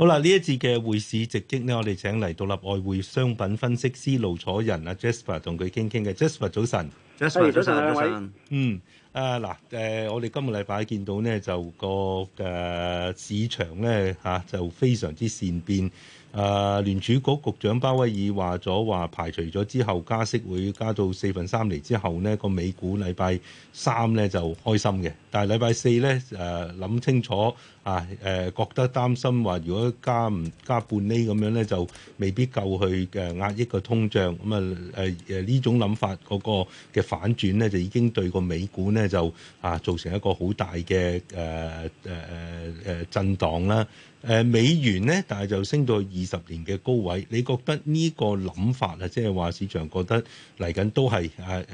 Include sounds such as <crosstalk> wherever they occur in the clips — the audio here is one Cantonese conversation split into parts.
好啦，呢一次嘅匯市直擊呢，我哋請嚟獨立外匯商品分析師盧楚仁啊，Jasper 同佢傾傾嘅。Jasper 早晨，Jasper 早晨，各位、hey，嗯，啊嗱，誒、呃，我哋今個禮拜見到呢，就個誒、啊、市場咧嚇、啊、就非常之善變。誒、呃、聯儲局局長鮑威爾話咗話排除咗之後加息會加到四分三厘。之後呢個美股禮拜三呢就開心嘅，但係禮拜四呢，誒、呃、諗清楚啊誒、呃、覺得擔心話如果加唔加半厘咁樣呢，就未必夠去誒、呃、壓抑個通脹，咁啊誒誒呢種諗法嗰個嘅反轉呢，就已經對個美股呢，就啊造成一個好大嘅誒誒誒誒震盪啦。誒、呃、美元咧，但係就升到二十年嘅高位。你覺得呢個諗法啊，即係話市場覺得嚟緊都係誒誒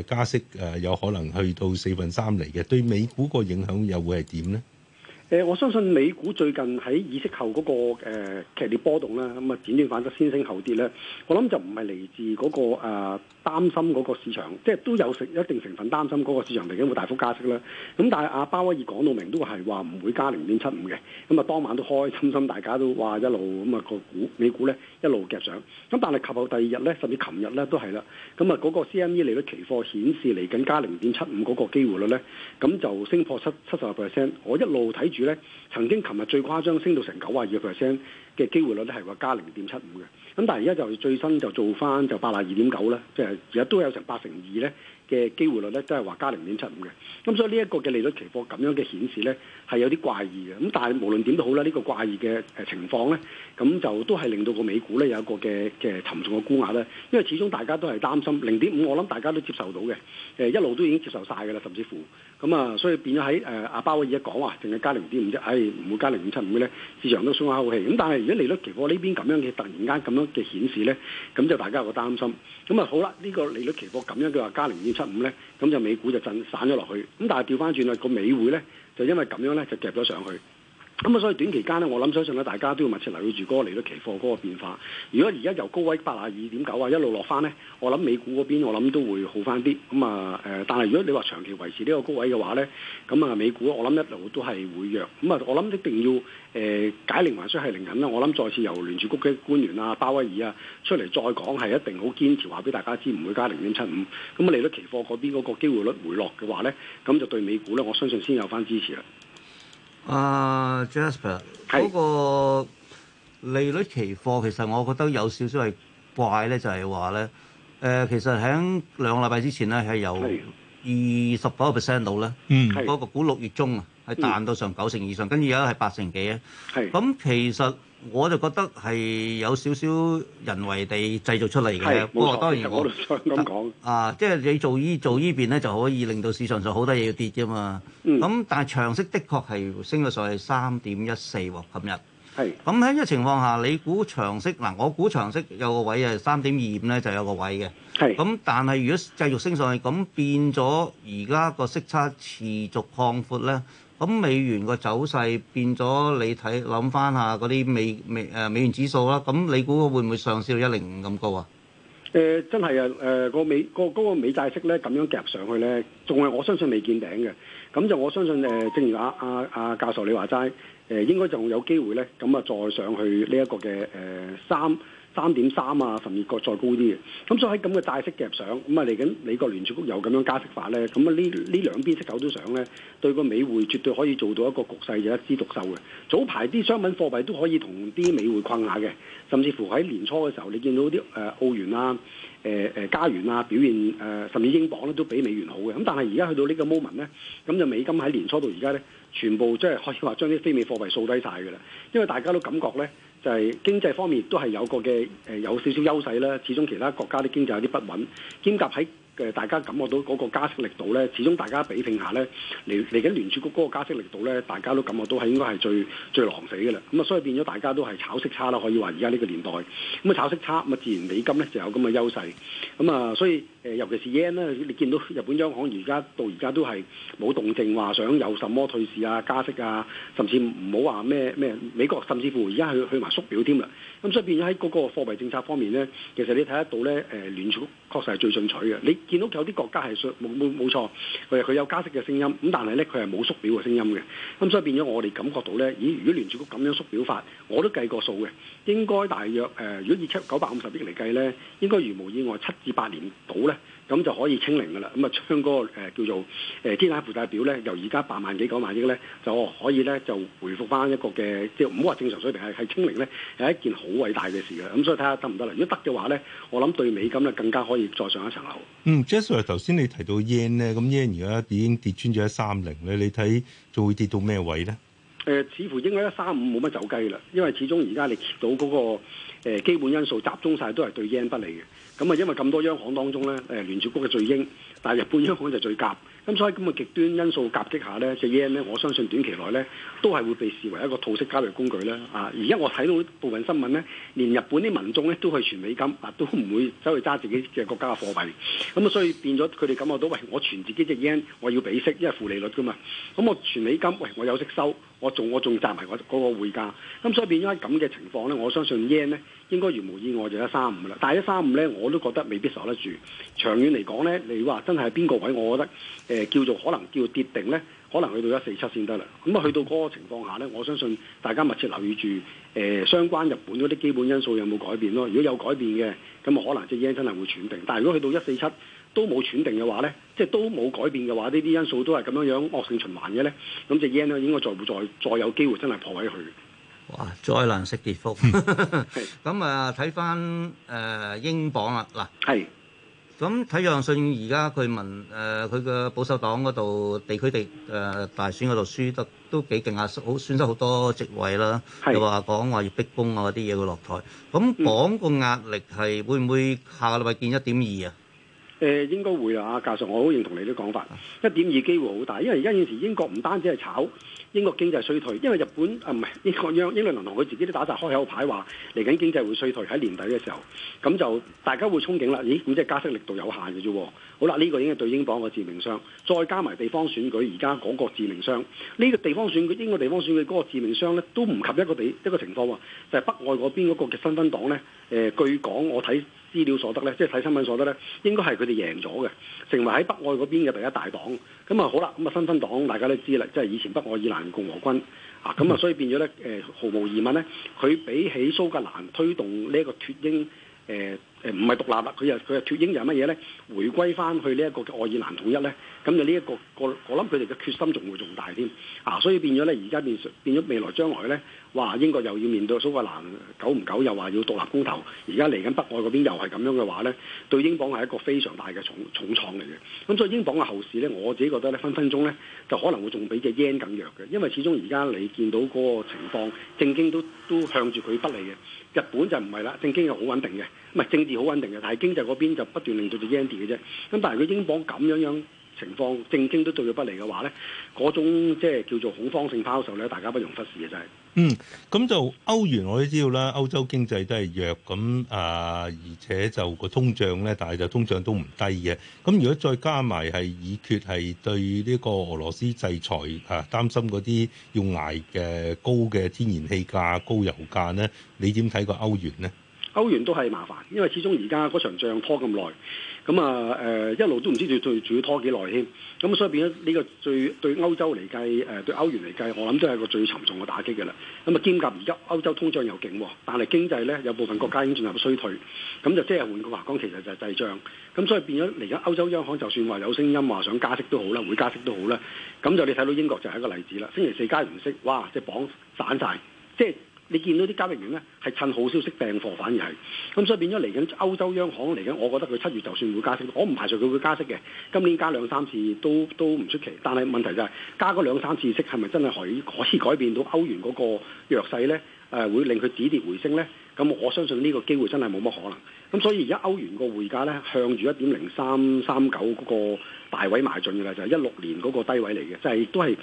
誒加息誒、呃、有可能去到四分三嚟嘅，對美股個影響又會係點咧？誒、呃，我相信美股最近喺意識後嗰個誒、呃、劇烈波動啦，咁啊，輾轉反側先升後跌咧，我諗就唔係嚟自嗰、那個誒、呃、擔心嗰個市場，即係都有成一定成分擔心嗰個市場嚟緊會大幅加息啦。咁但係阿鮑威爾講到明都係話唔會加零點七五嘅，咁、嗯、啊當晚都開心心大家都哇一路咁啊、嗯、那個股美股咧。一路夾上，咁但係及後第二日咧，甚至琴日咧都係啦。咁啊，嗰個 CME 利率期貨顯示嚟緊加零點七五嗰個機會率咧，咁就升破七七十個 percent。我一路睇住咧，曾經琴日最誇張升到成九啊二 percent 嘅機會率咧，係話加零點七五嘅。咁但係而家就最新就做翻就八啊二點九啦，即係而家都有成八成二咧，嘅機會率咧都係話加零點七五嘅，咁所以呢一個嘅利率期貨咁樣嘅顯示咧係有啲怪異嘅，咁但係無論點都好啦，呢個怪異嘅誒情況咧，咁就都係令到個美股咧有一個嘅嘅沉重嘅估壓咧，因為始終大家都係擔心零點五，我諗大家都接受到嘅，誒一路都已經接受晒㗎啦，甚至乎咁啊，所以變咗喺誒阿鮑威爾講話淨係加零點五啫，誒唔會加零點七五嘅咧，市場都鬆下口氣，咁但係如果利率期貨呢邊咁樣嘅突然間咁樣嘅顯示咧，咁就大家有個擔心，咁啊好啦，呢個利率期貨咁樣嘅話加零點七五咧，咁就美股就震散咗落去。咁但係調翻轉啦，個美滙咧就因為咁樣咧就夾咗上去。咁啊，所以短期間咧，我諗相信咧，大家都要密切留意住嗰個利率期貨嗰個變化。如果而家由高位八啊二點九啊一路落翻咧，我諗美股嗰邊我諗都會好翻啲。咁啊誒，但係如果你話長期維持呢個高位嘅話咧，咁啊美股我諗一路都係會弱。咁啊，我諗一定要誒、呃、解鈴還需繫鈴人啦。我諗再次由聯儲局嘅官員啊、鮑威爾啊出嚟再講係一定好堅持話俾大家知，唔會加零點七五。咁啊，利率期貨嗰邊嗰個機會率回落嘅話咧，咁就對美股咧，我相信先有翻支持啦。啊，Jasper，嗰個利率期貨其實我覺得有少少係怪咧，就係話咧，誒、呃，其實喺兩個禮拜之前咧，係由二十九個 percent 到咧，嗰是個股六月中啊。係彈到上九成以上，跟住而家係八成幾啊！咁是其實我就覺得係有少少人為地製造出嚟嘅。冇錯，當然我都咁講。啊，即係你做呢做呢邊咧，就可以令到市場上好多嘢要跌啫嘛。咁、嗯、但係長息的確係升咗上去三點一四喎，今日。係是。咁喺呢個情況下，你估長息嗱？我估長息有個位係三點二五咧，就有個位嘅。係是。咁但係如果繼續升上去，咁變咗而家個息差持續擴闊咧？咁美元個走勢變咗，你睇諗翻下嗰啲美美誒、呃、美元指數啦。咁你估會唔會上升到一零五咁高啊？誒、呃、真係啊！誒、呃、嗰個美、嗰個嗰、嗰個、美債息咧，咁樣夾上去咧，仲係我相信未見頂嘅。咁就我相信誒、呃，正如阿阿阿教授你話齋，誒、呃、應該就有機會咧。咁啊再上去呢一個嘅誒三，呃三點三啊，甚至過再高啲嘅，咁、嗯、所以喺咁嘅債息夾上，咁啊嚟緊美國聯儲局又咁樣加息法咧，咁啊呢呢兩邊息口都想咧，對個美匯絕對可以做到一個局勢就一枝獨秀嘅。早排啲商品貨幣都可以同啲美匯困下嘅，甚至乎喺年初嘅時候，你見到啲誒、呃、澳元啊、誒誒加元啊、表現誒、呃，甚至英鎊咧都比美元好嘅。咁、嗯、但係而家去到個呢個 moment 咧，咁就美金喺年初到而家咧，全部即係可以話將啲非美貨幣掃低晒嘅啦，因為大家都感覺咧。就係經濟方面都係有個嘅誒、呃、有少少優勢啦，始終其他國家啲經濟有啲不穩，兼夾喺誒大家感覺到嗰個加息力度咧，始終大家比拼下咧，嚟嚟緊聯儲局嗰個加息力度咧，大家都感覺到係應該係最最狼死嘅啦。咁啊，所以變咗大家都係炒息差啦，可以話而家呢個年代，咁啊炒息差，咁啊自然美金咧就有咁嘅優勢，咁啊所以。誒，尤其是 yen 啦，你見到日本央行而家到而家都係冇動靜，話想有什麼退市啊、加息啊，甚至唔好話咩咩美國，甚至乎而家去去埋縮表添啦。咁、嗯、所以變咗喺嗰個貨幣政策方面咧，其實你睇得到咧，誒、呃、聯儲局確實係最進取嘅。你見到有啲國家係冇冇冇錯，佢佢有加息嘅聲音，咁但係咧佢係冇縮表嘅聲音嘅。咁、嗯、所以變咗我哋感覺到咧，咦？如果聯儲局咁樣縮表法，我都計過數嘅。應該大約誒、呃，如果以七九百五十億嚟計咧，應該如無意外七至八年到咧，咁就可以清零㗎啦。咁啊、那個，將嗰個叫做誒天下負債表咧，由而家八萬幾九萬億咧，就可以咧就回復返一個嘅即係唔好話正常水平，係係清零咧，係一件好偉大嘅事㗎。咁所以睇下得唔得啦？如果得嘅話咧，我諗對美金咧更加可以再上一層樓。嗯 j a s o r 頭先你提到 yen 咧，咁 yen 而家已經跌穿咗一三零咧，你睇仲會跌到咩位咧？誒、呃，似乎應該一三五冇乜走雞啦，因為始終而家你到嗰、那個、呃、基本因素集中晒，都係對 yen 不利嘅。咁啊，因為咁多央行當中咧，誒、呃，聯儲局嘅最鷹，但係日本央行就最鴿。咁所以咁嘅極端因素夾擊下咧，隻 yen 咧，我相信短期內咧都係會被視為一個套息交易工具啦。啊，而家我睇到部分新聞咧，連日本啲民眾咧都去存美金，啊，都唔會走去揸自己嘅國家嘅貨幣。咁啊，所以變咗佢哋感覺到，喂，我存自己隻 yen，我要俾息，因為負利率㗎嘛。咁我存美金，喂，我有息收，收。我仲我仲賺埋嗰嗰個匯價，咁所以變咗咁嘅情況呢，我相信 yen 呢應該如無意外就一三五啦，但係一三五呢，我都覺得未必守得住，長遠嚟講呢，你話真係邊個位，我覺得誒、呃、叫做可能叫跌定呢，可能去到一四七先得啦。咁啊去到嗰個情況下呢，我相信大家密切留意住誒、呃、相關日本嗰啲基本因素有冇改變咯。如果有改變嘅，咁啊可能即係 yen 真係會轉定。但係如果去到一四七，都冇斷定嘅話咧，即係都冇改變嘅話，呢啲因素都係咁樣樣惡性循環嘅咧，咁隻 yen 應該再會再再有機會真係破位去。哇！災難式跌幅。係 <laughs> 是。咁啊，睇翻誒英鎊啊，嗱係。咁睇楊信而家佢問誒，佢、呃、嘅保守黨嗰度地區地誒大選嗰度輸得都幾勁啊，好損失好多席位啦。係是。又話講話要逼宮啊啲嘢，佢落台。咁鎊個壓力係會唔會下禮拜見一點二啊？誒應該會啦，教授，我好認同你啲講法，一點二機會好大，因為而家現時英國唔單止係炒英國經濟衰退，因為日本啊唔係英國央英倫銀行佢自己都打曬開口牌話嚟緊經濟會衰退喺年底嘅時候，咁就大家會憧憬啦。咦，咁即係加息力度有限嘅啫。好啦，呢、這個已經係對英鎊個致命傷，再加埋地方選舉而家嗰個致命傷，呢、這個地方選舉英國地方選舉嗰個致命傷呢都唔及一個地一個情況喎，就係、是、北愛嗰邊嗰個嘅新芬黨呢，誒、呃，據講我睇。資料所得呢，即係睇新聞所得呢，應該係佢哋贏咗嘅，成為喺北愛嗰邊嘅第一大黨。咁啊，好啦，咁啊新芬黨大家都知啦，即係以前北愛爾蘭共和軍啊，咁啊，所以變咗呢，誒毫無疑問呢，佢比起蘇格蘭推動呢一個脱英、呃唔係獨立啦，佢又佢又脱英又係乜嘢咧？回歸翻去呢一個愛爾蘭統一咧，咁就呢一個個我諗佢哋嘅決心仲會仲大添啊！所以變咗咧，而家變變咗未來將來咧，哇！英國又要面對蘇格蘭久久，久唔久又話要獨立公投，而家嚟緊北愛嗰邊又係咁樣嘅話咧，對英鎊係一個非常大嘅重重創嚟嘅。咁所以英鎊嘅後市咧，我自己覺得咧，分分鐘咧就可能會仲比隻 yen 更弱嘅，因為始終而家你見到嗰個情況，政經都都向住佢不利嘅。日本就唔係啦，政經又好穩定嘅。唔係政治好穩定嘅，但係經濟嗰邊就不斷令到做 y e 嘅啫。咁但係佢英鎊咁樣樣情況，正經都對佢不利嘅話咧，嗰種即係叫做恐慌性拋售咧，大家不容忽視嘅真係。嗯，咁就歐元我都知道啦，歐洲經濟都係弱咁啊，而且就個通脹咧，但係就通脹都唔低嘅。咁如果再加埋係已決係對呢個俄羅斯制裁啊，擔心嗰啲要捱嘅高嘅天然氣價、高油價咧，你點睇個歐元咧？歐元都係麻煩，因為始終而家嗰場仗拖咁耐，咁啊誒一路都唔知仲仲要拖幾耐添，咁、嗯、所以變咗呢個最對歐洲嚟計誒對歐元嚟計，我諗都係一個最沉重嘅打擊嘅啦。咁啊兼夾而家歐洲通脹又勁，但係經濟咧有部分國家已經進入衰退，咁就即係換句話講，其實就係滯脹。咁、嗯、所以變咗嚟緊歐洲央行就算話有聲音話想加息都好啦，會加息都好啦，咁、嗯、就你睇到英國就係一個例子啦。星期四加完息，哇！即綁散曬，即係。你見到啲交易員呢係趁好消息訂貨，反而係咁，所以變咗嚟緊歐洲央行嚟緊，我覺得佢七月就算會加息，我唔排除佢會加息嘅。今年加兩三次都都唔出奇，但係問題就係、是、加嗰兩三次息係咪真係可以可以改變到歐元嗰個弱勢呢？誒、啊，會令佢止跌回升呢？咁我相信呢個機會真係冇乜可能。咁所以而家歐元個匯價呢，向住一點零三三九嗰個大位邁進嘅啦，就係一六年嗰個低位嚟嘅，即、就、係、是、都係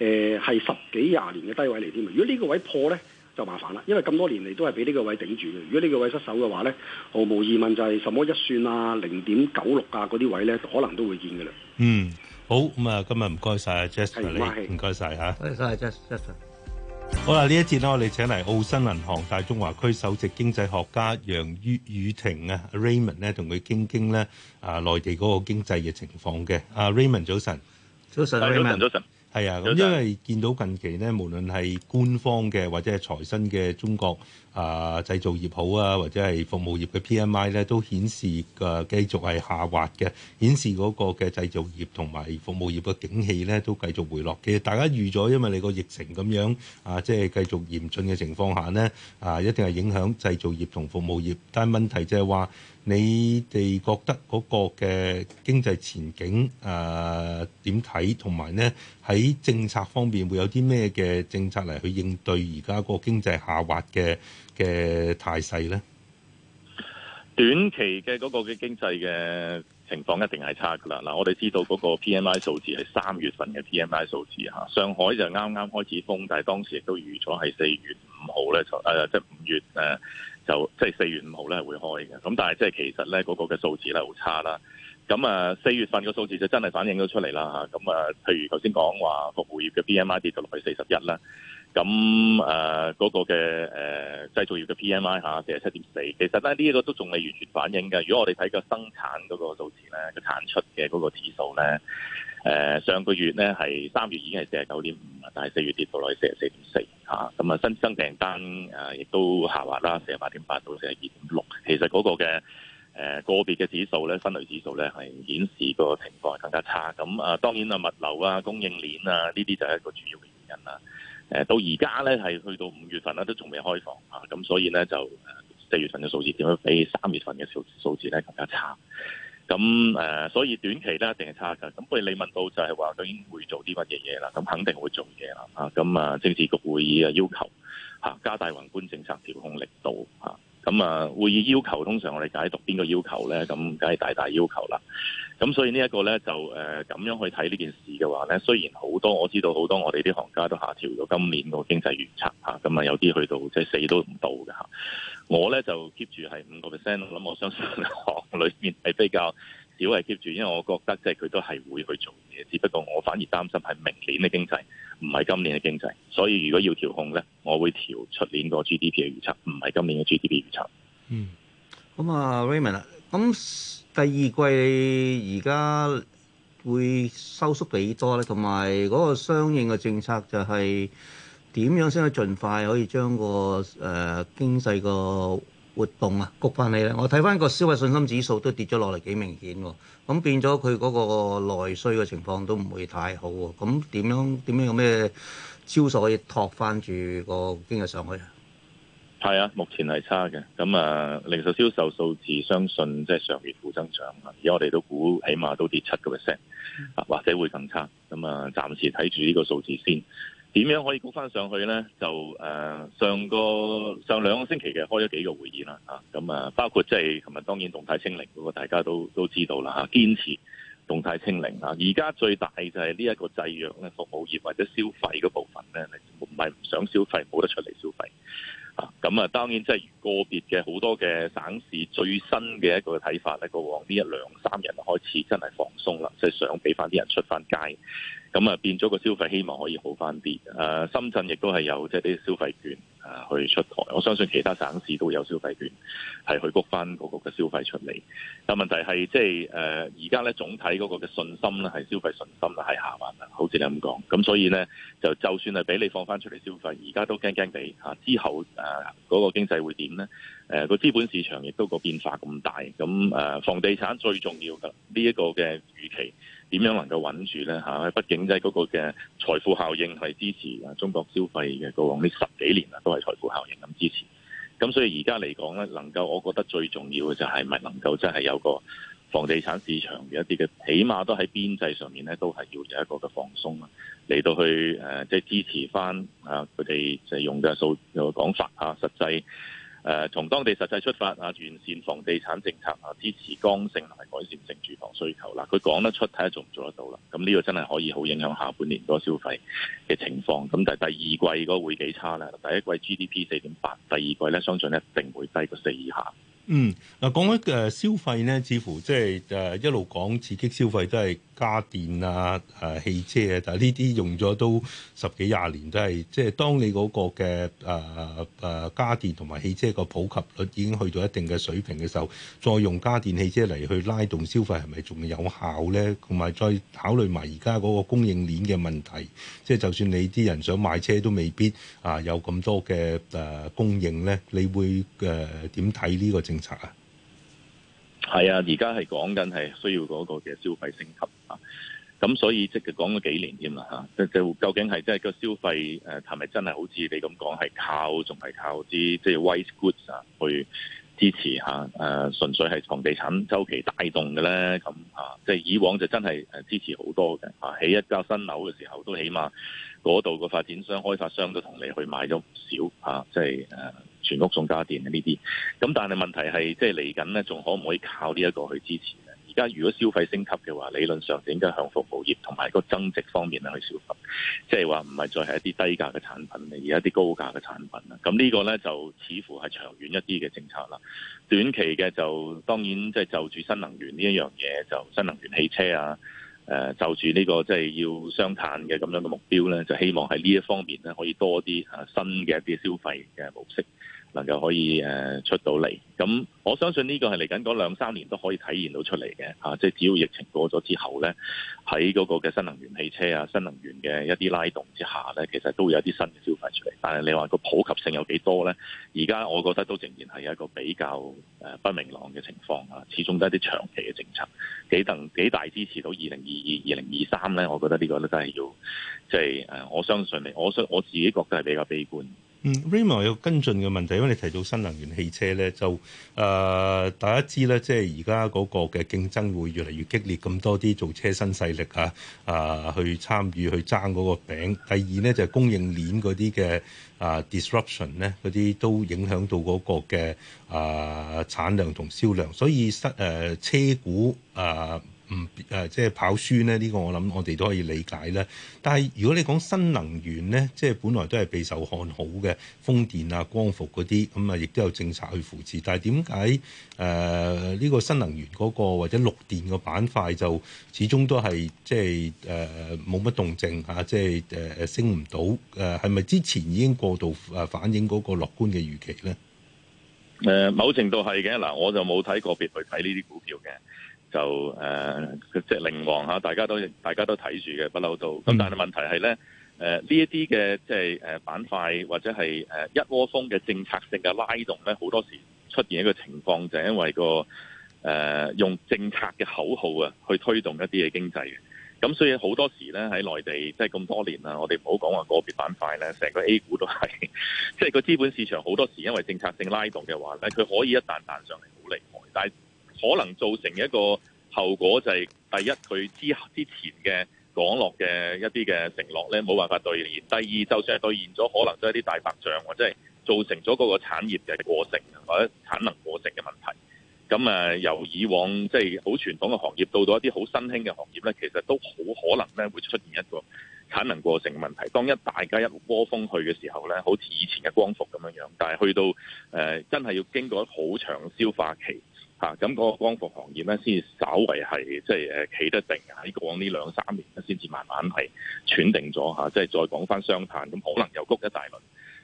誒係十幾廿年嘅低位嚟添。如果呢個位破呢？就麻煩啦，因為咁多年嚟都係俾呢個位頂住嘅。如果呢個位失手嘅話咧，毫無疑問就係什麼一算啊、零點九六啊嗰啲位咧，可能都會見嘅啦。嗯，好咁啊，今日唔該晒啊，Jasper 你唔該晒嚇，多謝曬啊，Jasper。好啦，呢一節呢，我哋請嚟澳新銀行大中華區首席經濟學家楊宇霆啊，Raymond 咧，同佢傾傾咧啊，內地嗰個經濟嘅情況嘅。阿 Raymond 早晨，早晨 Raymond，早晨。早係啊，咁因為見到近期呢，無論係官方嘅或者係財新嘅中國啊、呃、製造業好啊，或者係服務業嘅 PMI 咧，都顯示嘅、呃、繼續係下滑嘅，顯示嗰個嘅製造業同埋服務業嘅景氣咧都繼續回落。其實大家預咗，因為你個疫情咁樣啊，即係繼續嚴峻嘅情況下呢，啊一定係影響製造業同服務業。但係問題即係話。你哋覺得嗰個嘅經濟前景誒點睇？同埋呢，喺政策方面會有啲咩嘅政策嚟去應對而家個經濟下滑嘅嘅態勢呢？短期嘅嗰個嘅經濟嘅情況一定係差㗎喇。嗱，我哋知道嗰個 P M I 數字係三月份嘅 P M I 數字吓，上海就啱啱開始封，但係當時亦都預咗係四月五號咧就誒，即係五月誒。就即係四月五號咧會開嘅，咁但係即係其實咧嗰個嘅數字咧好差啦，咁啊四月份個數字就真係反映咗出嚟啦吓，咁啊譬如頭先講話服務業嘅 P M I 跌到落去四十一啦，咁誒嗰個嘅誒製造業嘅 P M I 吓四十七點四，其實咧呢一個都仲未完全反映嘅，如果我哋睇個生產嗰個數字咧個產出嘅嗰個指數咧。誒、呃、上個月咧係三月已經係四十九點五啊，但係四月跌到落去四十四點四嚇，咁啊新增訂單誒亦、啊、都下滑啦，四十八點八到四十二點六，其實嗰個嘅誒、呃、個別嘅指數咧分類指數咧係顯示個情況係更加差。咁啊，啊當然物啊物流啊供應鏈啊呢啲就係一個主要嘅原因啦。誒、啊、到而家咧係去到五月份啦都仲未開放啊，咁、啊、所以咧就四月份嘅數字點樣比三月份嘅數數字咧更加差。咁誒、呃，所以短期咧一定係差㗎。咁不過你問到就係話，究竟會做啲乜嘢嘢啦？咁肯定會做嘢啦，啊！咁啊，政治局會議啊要求，嚇、啊、加大宏觀政策調控力度，嚇、啊。咁啊，會議要求通常我哋解讀邊個要求咧？咁梗係大大要求啦。咁所以呢一個咧就誒咁、呃、樣去睇呢件事嘅話咧，雖然好多我知道好多我哋啲行家都下調咗今年個經濟預測吓，咁啊、嗯、有啲去到即係死都唔到㗎吓。我咧就 keep 住係五個 percent，我諗我相信行裏邊係比較少係 keep 住，因為我覺得即係佢都係會去做嘢，只不過我反而擔心係明年嘅經濟，唔係今年嘅經濟。所以如果要調控咧，我會調出年個 GDP 嘅預測，唔係今年嘅 GDP 預測。嗯，咁啊 Raymond 啊，咁第二季而家會收縮幾多咧？同埋嗰個相應嘅政策就係點樣先可以盡快可以將、那個誒、呃、經濟個。活動啊，谷翻你啦！我睇翻個消費信心指數都跌咗落嚟幾明顯喎、啊，咁變咗佢嗰個內需嘅情況都唔會太好喎、啊。咁點樣，點樣有咩招數可以托翻住個經濟上去啊？係啊，目前係差嘅。咁啊、呃，零售銷售數字相信即係上月負增長啊，而家我哋都估起碼都跌七個 percent，或者會更差。咁啊，暫時睇住呢個數字先。點樣可以估翻上去呢？就誒、呃、上個上兩個星期嘅開咗幾個會議啦，嚇咁啊，包括即係尋日當然動態清零嗰大家都都知道啦嚇，堅、啊、持動態清零啊！而家最大就係呢一個制約咧，服務業或者消費嗰部分呢，唔係唔想消費，冇得出嚟消費啊！咁啊，當然即係個別嘅好多嘅省市最新嘅一個睇法呢，過往呢一兩三人開始真係放鬆啦，即、就、係、是、想俾翻啲人出翻街。咁啊，變咗個消費希望可以好翻啲。誒，深圳亦都係有即係啲消費券啊，去出台。我相信其他省市都有消費券，係去谷翻嗰個嘅消費出嚟。但問題係即係誒，而家咧總體嗰個嘅信心咧，係消費信心咧係下滑啦。好似你咁講，咁所以咧就就算係俾你放翻出嚟消費，而家都驚驚地嚇。之後誒嗰個經濟會點咧？誒個資本市場亦都個變化咁大。咁誒，房地產最重要噶呢一個嘅預期。點樣能夠穩住呢嚇？畢竟喺嗰個嘅財富效應係支持啊，中國消費嘅過往呢十幾年啊都係財富效應咁支持。咁所以而家嚟講呢，能夠我覺得最重要嘅就係咪能夠真係有個房地產市場嘅一啲嘅，起碼都喺邊際上面呢，都係要有一個嘅放鬆啊，嚟到去誒即係支持翻啊佢哋就係用嘅數個講法嚇實際。誒、呃，從當地實際出發啊，完善房地產政策啊，支持剛性同埋、啊、改善性住房需求啦。佢、啊、講得出，睇下做唔做得到啦。咁、啊、呢、嗯這個真係可以好影響下半年嗰個消費嘅情況。咁、啊、但係第二季嗰會幾差咧？第一季 GDP 四點八，第二季咧相信一定會低過四以下。嗯，嗱、啊，講開嘅消費咧，似乎即係誒一路講刺激消費都係家電啊、誒、啊、汽車啊，但係呢啲用咗都十幾廿年，都係即係當你嗰個嘅誒誒家電同埋汽車個普及率已經去到一定嘅水平嘅時候，再用家電汽車嚟去拉動消費係咪仲有效咧？同埋再考慮埋而家嗰個供應鏈嘅問題，即、就、係、是、就算你啲人想買車都未必啊有咁多嘅誒、啊、供應咧，你會誒點睇呢個政？查啊，係、就是、啊，而家係講緊係需要嗰個嘅消費升級啊，咁所以即係講咗幾年添啦吓，即究竟係即係個消費誒係咪真係好似你咁講係靠仲係靠啲即係 white goods 啊去支持吓誒純粹係房地產週期帶動嘅咧咁啊，即、啊、係、就是、以往就真係誒支持好多嘅啊，起一間新樓嘅時候都起碼嗰度個發展商開發商都同你去買咗唔少啊，即係誒。啊全屋送家電嘅呢啲，咁但係問題係，即係嚟緊咧，仲可唔可以靠呢一個去支持咧？而家如果消費升級嘅話，理論上就應該向服務業同埋個增值方面啊去消費，即係話唔係再係一啲低價嘅產品啊，而係一啲高價嘅產品啊。咁呢個呢，就似乎係長遠一啲嘅政策啦。短期嘅就當然即係就住新能源呢一樣嘢，就新能源汽車啊，誒、呃、就住呢個即係要雙碳嘅咁樣嘅目標呢，就希望喺呢一方面呢，可以多啲新嘅一啲消費嘅模式。能夠可以誒出到嚟，咁我相信呢個係嚟緊嗰兩三年都可以體現到出嚟嘅嚇，即係只要疫情過咗之後呢，喺嗰個嘅新能源汽車啊、新能源嘅一啲拉動之下呢，其實都會有啲新嘅消費出嚟。但係你話個普及性有幾多呢？而家我覺得都仍然係一個比較誒不明朗嘅情況嚇，始終都係啲長期嘅政策幾能幾大支持到二零二二、二零二三呢？我覺得呢個都係要即係誒，就是、我相信你，我我我自己覺得係比較悲觀。嗯 Raymond 有跟進嘅問題，因為你提到新能源汽車咧，就誒、呃、大家知咧，即係而家嗰個嘅競爭會越嚟越激烈，咁多啲做車身勢力啊，啊、呃、去參與去爭嗰個餅。第二咧就係、是、供應鏈嗰啲嘅啊 disruption 咧，嗰、呃、啲都影響到嗰個嘅啊、呃、產量同銷量，所以失誒、呃、車股啊。呃唔誒，即係跑輸咧，呢、這個我諗我哋都可以理解咧。但係如果你講新能源咧，即係本來都係備受看好嘅風電啊、光伏嗰啲，咁、嗯、啊，亦都有政策去扶持。但係點解誒呢個新能源嗰、那個或者綠電嘅板塊就始終都係即係誒冇乜動靜嚇、啊？即係誒、呃、升唔到誒？係、呃、咪之前已經過度誒反映嗰個樂觀嘅預期咧？誒、呃，某程度係嘅嗱，我就冇睇個別去睇呢啲股票嘅。就誒、呃，即係靈王嚇，大家都大家都睇住嘅，不嬲到。咁、嗯、但係問題係咧，誒呢一啲嘅即係誒板塊或者係誒、呃、一窩蜂嘅政策性嘅拉動咧，好多時出現一個情況，就係因為個誒、呃、用政策嘅口號啊，去推動一啲嘅經濟。咁所以好多時咧喺內地即係咁多年啦，我哋唔好講話個別板塊咧，成個 A 股都係，即 <laughs> 係個資本市場好多時因為政策性拉動嘅話咧，佢可以一彈彈上嚟好厲害，但係。可能造成一個後果就係第一，佢之之前嘅講落嘅一啲嘅承諾咧，冇辦法兌現。第二，就算係兌現咗，可能都係啲大白象，或者係造成咗嗰個產業嘅過剩或者產能過剩嘅問題。咁、嗯、啊，由以往即係好傳統嘅行業到到一啲好新興嘅行業咧，其實都好可能咧會出現一個產能過剩嘅問題。當一大家一窩蜂去嘅時候咧，好似以前嘅光伏咁樣樣，但係去到誒、呃、真係要經過好長消化期。嚇，咁嗰個光伏行業咧，先至稍為係即係誒企得定，喺過往呢兩三年咧，先至慢慢係喘定咗嚇、啊。即係再講返商談，咁、啊、可能又谷一大輪。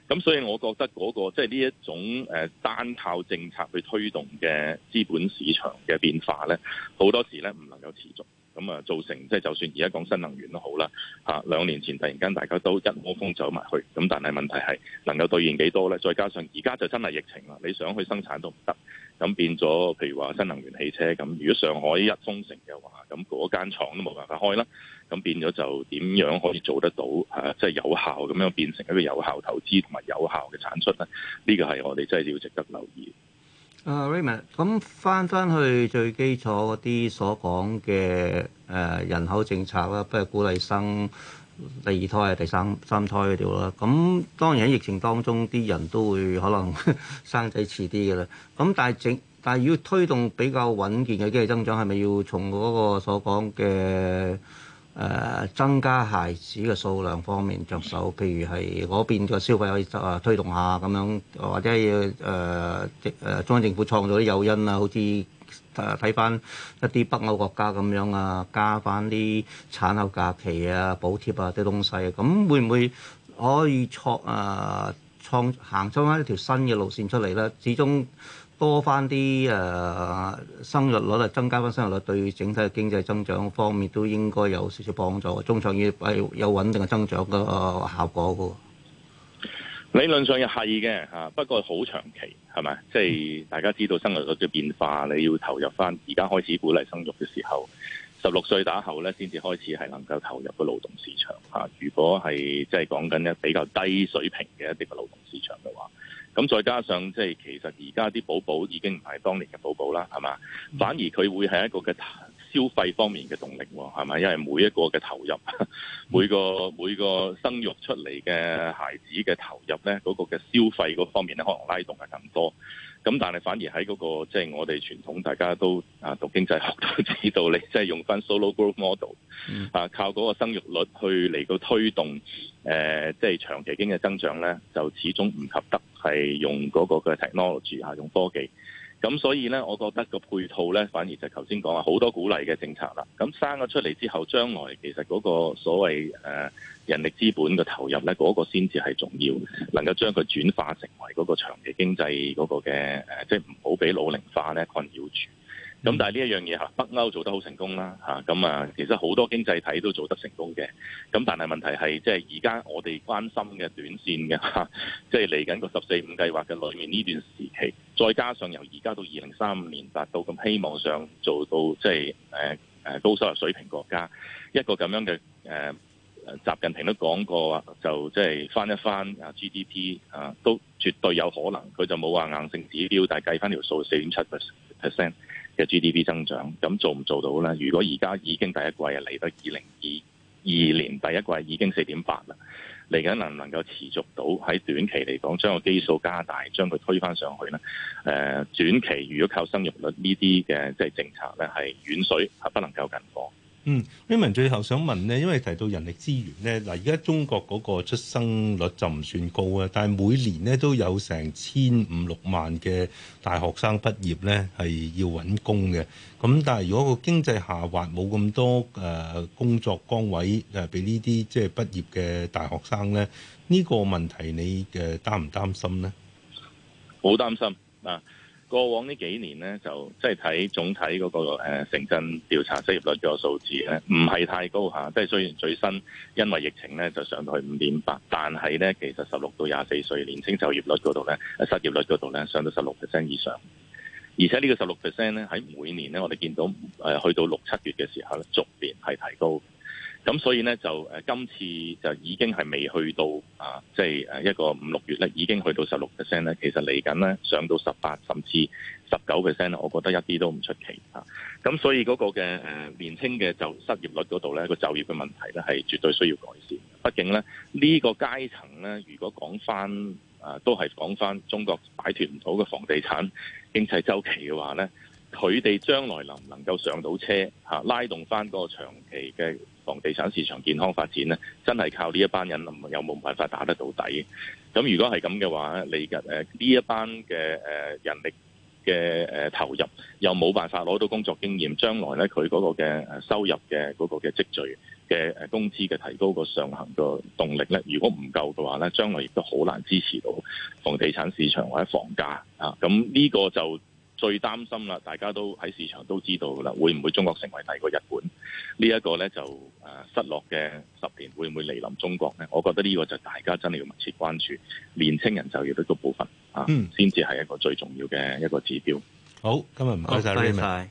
咁、啊、所以我覺得嗰、那個即係呢一種誒單靠政策去推動嘅資本市場嘅變化咧，好多時咧唔能夠持續。咁啊，造成即係、就是、就算而家講新能源都好啦，吓兩年前突然間大家都一窩蜂走埋去，咁但係問題係能夠兌現幾多咧？再加上而家就真係疫情啦，你想去生產都唔得，咁變咗譬如話新能源汽車咁，如果上海一封城嘅話，咁嗰間廠都冇辦法開啦，咁變咗就點樣可以做得到嚇？即、就、係、是、有效咁樣變成一個有效投資同埋有效嘅產出咧？呢、這呢個係我哋真係要值得留意。誒 Raymond，咁翻翻去最基礎嗰啲所講嘅誒人口政策啦，不如鼓勵生第二胎啊，第三三胎嗰條啦。咁、嗯、當然喺疫情當中啲人都會可能 <laughs> 生仔遲啲嘅啦。咁但係整，但係要推動比較穩健嘅經濟增長，係咪要從嗰個所講嘅？誒、呃、增加孩子嘅數量方面着手，譬如係嗰邊嘅消費可以就推動下咁樣，或者要誒誒中央政府創造啲誘因啊，好似誒睇翻一啲北歐國家咁樣啊，加翻啲產後假期啊、補貼啊啲東西啊，咁會唔會可以創誒創、呃、行出翻一條新嘅路線出嚟咧？始終。多翻啲誒生育率，增加翻生育率，對整體嘅經濟增長方面都應該有少少幫助，中長遠係有穩定嘅增長嘅效果嘅。理論上又係嘅嚇，不過好長期係咪？即係、就是、大家知道生育率嘅變化，你要投入翻而家開始鼓勵生育嘅時候，十六歲打後咧先至開始係能夠投入個勞動市場。嚇。如果係即係講緊一比較低水平嘅一啲個勞動市場嘅話。咁再加上即係其實而家啲寶寶已經唔係當年嘅寶寶啦，係嘛？反而佢會係一個嘅消費方面嘅動力喎，係嘛？因為每一個嘅投入，每個每個生育出嚟嘅孩子嘅投入咧，嗰、那個嘅消費嗰方面咧，可能拉動係更多。咁但係反而喺嗰、那個即係、就是、我哋傳統大家都啊讀經濟學都知道你，你即係用翻 Solow growth model 啊，靠嗰個生育率去嚟到推動誒，即、呃、係、就是、長期經濟增長咧，就始終唔及得。係用嗰個嘅 technology 嚇，用科技，咁所以呢，我覺得個配套呢，反而就頭先講話好多鼓勵嘅政策啦。咁生咗出嚟之後，將來其實嗰個所謂誒、呃、人力資本嘅投入呢，嗰、嗰個先至係重要，能夠將佢轉化成為嗰個長期經濟嗰個嘅誒、呃，即係唔好俾老齡化呢困擾住。咁、嗯、但係呢一樣嘢嚇，北歐做得好成功啦嚇。咁啊、啊，其實好多經濟體都做得成功嘅。咁、啊、但係問題係，即係而家我哋關心嘅短線嘅嚇、啊，即係嚟緊個十四五計劃嘅裏面呢段時期，再加上由而家到二零三五年達到咁、啊、希望上做到，即係誒誒高收入水平國家一個咁樣嘅誒、啊。習近平都講過話，就即係翻一翻啊 GDP 啊，都絕對有可能。佢就冇話硬性指標，但係計翻條數四點七 percent。嘅 GDP 增長，咁做唔做到呢？如果而家已經第一季啊，嚟到二零二二年第一季已經四點八啦，嚟緊能唔能夠持續到喺短期嚟講將個基數加大，將佢推翻上去呢？誒、呃，短期如果靠生育率呢啲嘅即係政策咧，係遠水，係不能夠近火。嗯 Raymond 最後想問咧，因為提到人力資源咧，嗱而家中國嗰個出生率就唔算高啊，但係每年咧都有成千五六萬嘅大學生畢業咧係要揾工嘅。咁但係如果個經濟下滑冇咁多誒工作崗位誒俾呢啲即係畢業嘅大學生咧，呢、呢個問題你嘅擔唔擔心咧？好擔心啊！過往呢幾年呢，就即係睇總體嗰、嗰個誒城鎮調查失業率個數字咧，唔係太高嚇。即、啊、係雖然最新因為疫情咧就上到去五點八，但係咧其實十六到廿四歲年青就業率嗰度咧，失業率嗰度咧上到十六 percent 以上，而且個呢個十六 percent 咧喺每年咧，我哋見到誒、呃、去到六七月嘅時候咧，逐年係提高。咁所以咧就誒今次就已經係未去到啊，即係誒一個五六月咧，已經去到十六 percent 咧。其實嚟緊咧上到十八甚至十九 percent，我覺得一啲都唔出奇啊。咁所以嗰個嘅誒、呃、年輕嘅就失業率嗰度咧，個就業嘅問題咧，係絕對需要改善。畢竟咧呢、這個階層咧，如果講翻啊都係講翻中國擺脫唔到嘅房地產經濟周期嘅話咧。佢哋將來能唔能夠上到車吓、啊，拉動翻嗰個長期嘅房地產市場健康發展咧，真係靠呢一班人，唔有冇辦法打得到底？咁如果係咁嘅話，你嘅誒呢一班嘅誒人力嘅誒投入又冇辦法攞到工作經驗，將來咧佢嗰個嘅收入嘅嗰，嗰個嘅積聚嘅誒工資嘅提高個上行個動力咧，如果唔夠嘅話咧，將來亦都好難支持到房地產市場或者房價啊！咁呢個就。最擔心啦，大家都喺市場都知道啦，會唔會中國成為第二個日本？呢、這、一個呢，就誒、呃、失落嘅十年會唔會嚟臨中國呢？我覺得呢個就大家真係要密切關注，年輕人就業呢個部分啊，先至係一個最重要嘅一個指標。嗯、好，今日唔該曬 Ray。